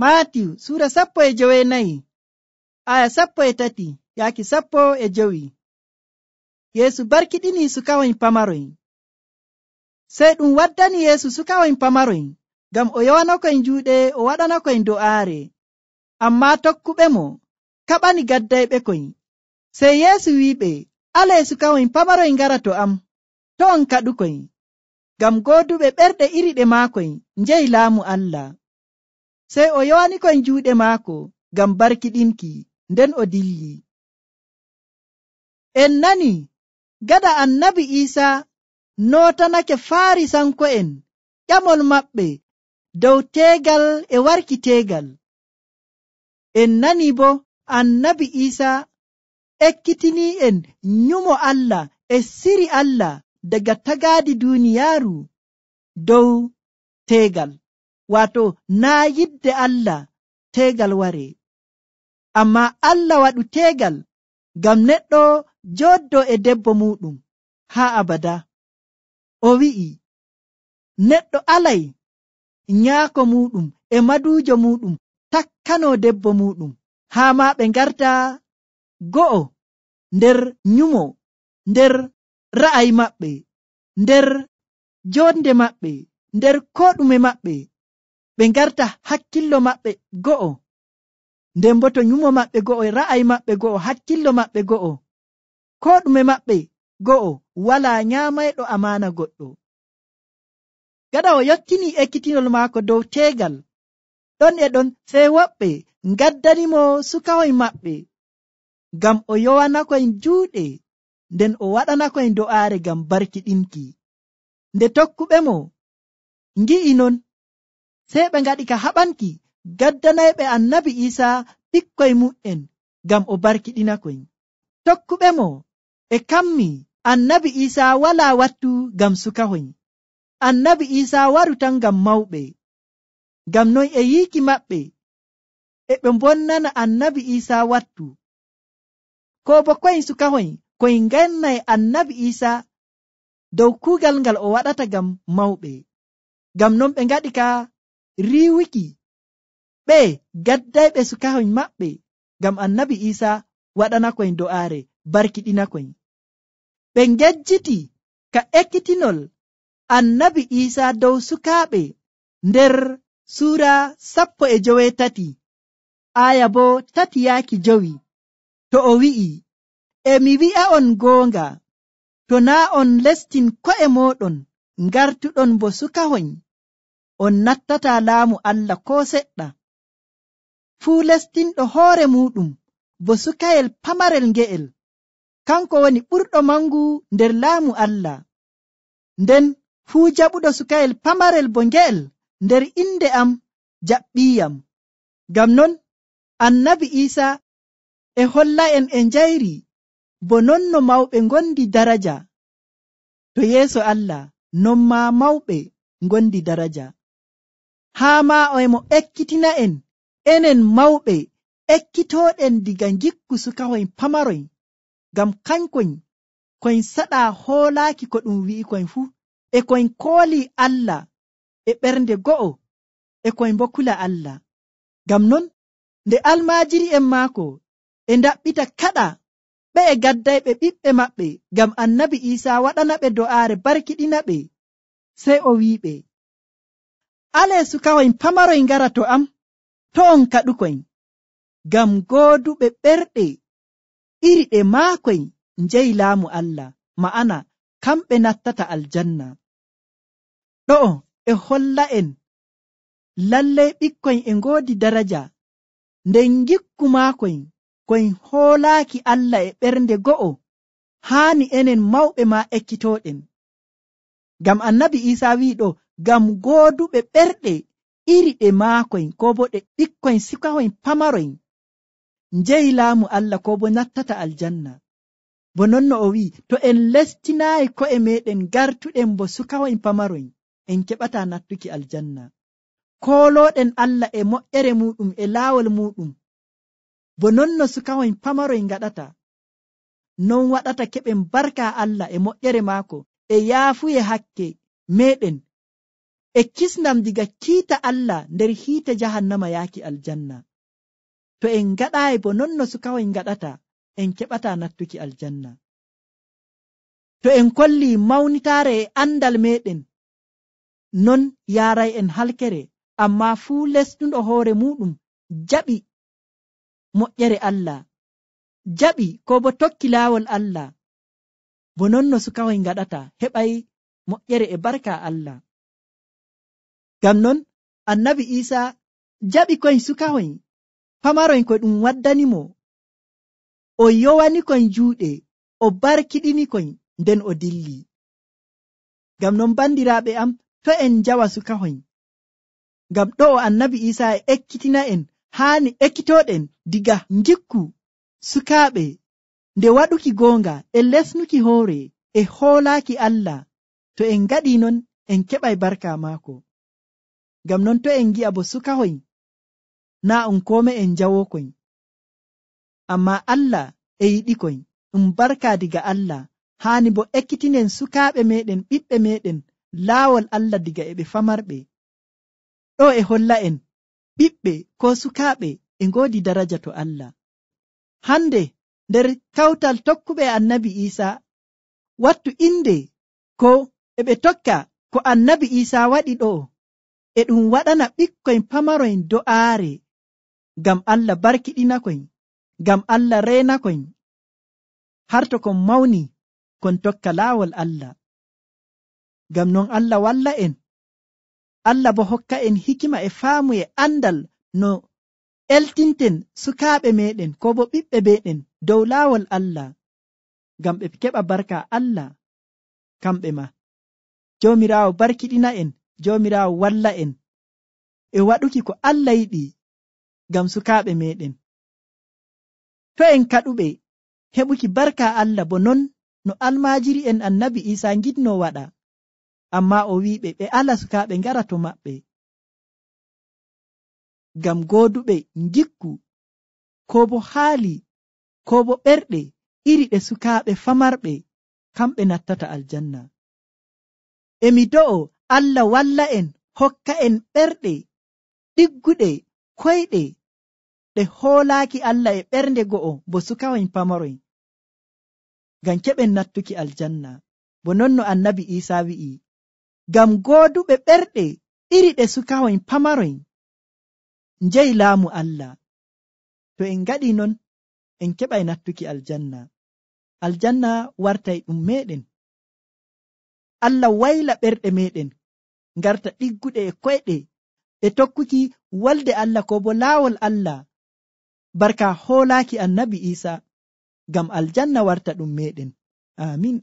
matiw sura sappo e jowenayi aya sappo e tati yaaki sappo e jowi yeesu barkiɗini sukawoyn pamaroyn sey ɗum waddani yeesu sukawoyn pamaroyn ngam o yowanakoyn juuɗe o waɗanakoyn do'aare amma tokkuɓe mo kaɓani gaddayɓe koyn sey yeesu wiɓe ala e sukawoyn pamaroyn ngara to am to on kaɗukoyn ngam gooduɓe ɓerɗe iriɗe maakoyn njehi laamu allah sey o yowani koye juuɗe maako ngam barkiɗinki nden o dilli en nani gada annabi iisaa notanake farisanko'en ƴamol maɓɓe dow teegal e warki teegal en nani bo annabi iisaa ekkitini en nyumo allah e siri allah daga tagaadi duuniyaaru dow teegal wato na yidde allah tegal ware amma allah waɗu tegal ngam neɗɗo joɗdo e debbo muɗum haa abada o wi'i neɗɗo alay nyaako muɗum e madujo muɗum takkano debbo muɗum haa ma ɓe ngarda go'o nder nyumo nder ra'ay maɓɓe nder jonde maɓɓe nder ko ɗume maɓɓe ɓe garta hakkillo maɓɓe go'o nden bo to nyumo maɓɓe go'o e ra'ay maɓɓe go'o hakkillo maɓɓe go'o ko ɗume maɓɓe go'o wala nyamayɗo amana goɗɗo gada o yottini ekkitinol maako dow tegal ɗon e ɗon sey woɓɓe ngaddanimo sukahoy maɓɓe ngam o yowanakoyn juuɗe nden o waɗanakoyn do'aare ngam barkiɗinki nde tokkuɓe mo ngi'i non sey ɓe ngaɗi ka haɓanki gaddanayɓe annabi isa ɓikkoy mu'en ngam o barkiɗinakoy tokkuɓe mo e kammi annabi isa wala wattu ngam sukahoy annabi isa waru tan ngam mawɓe ngam noy e yiiki maɓɓe e ɓe bonnana annabi isa wattu ko bo koyn sukahoy koyn ngannay annabi isa dow kuugal ngal o waɗata ngam mawɓe ngam non ɓe ngaɗi ka riwiki ɓe gaddayɓe sukahoy maɓɓe ngam annabi isa waɗanakoy do'aare barkiɗinakoy ɓe gejjiti ka ekkitinol annabi isa dow sukaaɓe nder suura sappo e jowetati aya bo tati yaaki jowi to o wi'i emi wi'a on goonga to naa on lestin ko'e mooɗon ngartuɗon bo sukahoy on nattata laamu allah ko seɗɗa fuu lestinɗo hoore muɗum bo sukayel pamarel nge'el kanko woni ɓurɗo mangu nder laamu allah nden fuu jaɓuɗo sukayel pamarel bo nge'el nder innde am jaɓɓiyam ngam non annabi iisaa e holla en e njayri bo non no mawɓe ngondi daraja to yeeso allah non ma mawɓe ngondi daraja haa ma o emo ekkitina en enen mawɓe ekkitoɗen diga gikku sukahoyn pamaroyn ngam kankoyn koyn saɗa hoolaaki ko ɗum wi'i koyn fuu e koyn kooli allah e ɓernde go'o e koyn bo kula allah ngam non nde almaajiri en maako e ndaɓɓita kaɗa ɓe e gaddayɓe ɓiɓɓe maɓɓe ngam annabi iisaa waɗana ɓe do'aare barkiɗina ɓe sey o wi'i ɓe alaa sukawoen pamaroy ngara to am to on kaɗukoen ngam gooduɓe ɓerɗe iri ɗe maakoy njeyi laamu allah ma'ana kamɓe nattata aljanna ɗo o e holla en lallay ɓikkoy e ngoodi daraja nden gikku maakoy koyn hoolaaki allah e ɓernde go'o haani enen mawɓe ma ekkitooɗen ngam annabi iisaa wi'i ɗo ngam gooduɓe ɓerɗe iri ɗe maakoen ko bo ɗe ɓikkoen sikahoen pamaroen njehi laamu allah ko bo nattata aljanna bo nonno o wi'i to en lestinaayi ko'e meɗen gartuɗen bo sukahoen pamaroen en keɓata nattuki aljanna kolooɗen allah e moƴƴere muɗum e laawol muɗum bo nonno sukahoen pamaroen gaɗata non waɗata keɓen barka allah e moƴƴere maako e yaafuye hakke meɗen e kisnam diga kiita allah nder hiite jahannama yaaki aljanna to en ngaɗaayi bo non no sukawen ngaɗata en keɓata nattuki aljanna to en kolli mawnitaare e andal meɗen non yaaray en halkere amma fuu lesnuɗo hoore muɗum jaɓi moƴƴere allah jaɓi ko bo tokki laawol allah bo non no sukawen ngaɗata heɓay moƴƴere e barka allah ngam non annabi isa jaɓi koen sukahoy pamaroen ko ɗum waddanimo o yowani koen juuɗe o barkiɗini koen nden o dilli ngam non bandiraaɓe am to en jawa sukahoy ngam ɗo o annabi isa e ekkitina en haani ekkitoɗen diga jikku sukaaɓe nde waɗuki goonga e lesnuki hoore e hoolaaki allah to en ngaɗi non en keɓa e barka maako ngam non to en ngi'a bo sukahoy na on kome en jawokoy amma allah e yiɗi koy ɗum barka diga allah haani bo ekkitinen sukaaɓe meɗen ɓiɓɓe meɗen laawol allah diga e ɓe famarɓe ɗo e holla en ɓiɓɓe ko sukaaɓe e ngoodi daraja to allah hande nder kawtal tokkuɓe annabi iisaa wattu innde ko e ɓe tokka ko annabi iisaa waɗi ɗo'o e ɗum waɗana ɓikkoyn pamaroyn do'aare ngam allah barkiɗinakoyn ngam allah renakoyn harto kon mawni kon tokka laawol allah ngam non allah walla en allah bo hokka en hikima e faamu e andal no eltinten sukaaɓe meɗen ko bo ɓiɓɓe meɗen dow laawol allah ngam ɓe keɓa barka allah kamɓe ma jomirawo barkiɗina en jawmirawo walla en e waɗuki ko allah yiɗi ngam sukaaɓe meɗen to en kaɗuɓe heɓuki barka allah bo non no almajiri en annabi isa ngiɗno waɗa amma o wiɓe ɓe ala sukaaɓe ngara to maɓɓe ngam gooduɓe ngikku ko bo haali ko bo ɓerɗe iri ɗe sukaaɓe famarɓe kamɓe nattata aljanna emi do'o allah walla en hokka en ɓerɗe ɗigguɗe koyɗe ɗe hoolaaki allah e ɓernde go'o bo sukawen pamaroy ngam keɓen nattuki aljanna bo non no annabi isaa wi'i ngam gooduɓe ɓerɗe iri ɗe sukahoyn pamaroyn njeyi laamu allah to en ngaɗi non en keɓa e nattuki aljanna aljanna wartay ɗum meɗen allah wayla ɓerɗe meɗen garta ɗigguɗe e koyɗe e tokkuki walde allah ko bo laawol allah barka hoolaaki annabi isa ngam aljanna warta ɗum meɗen amin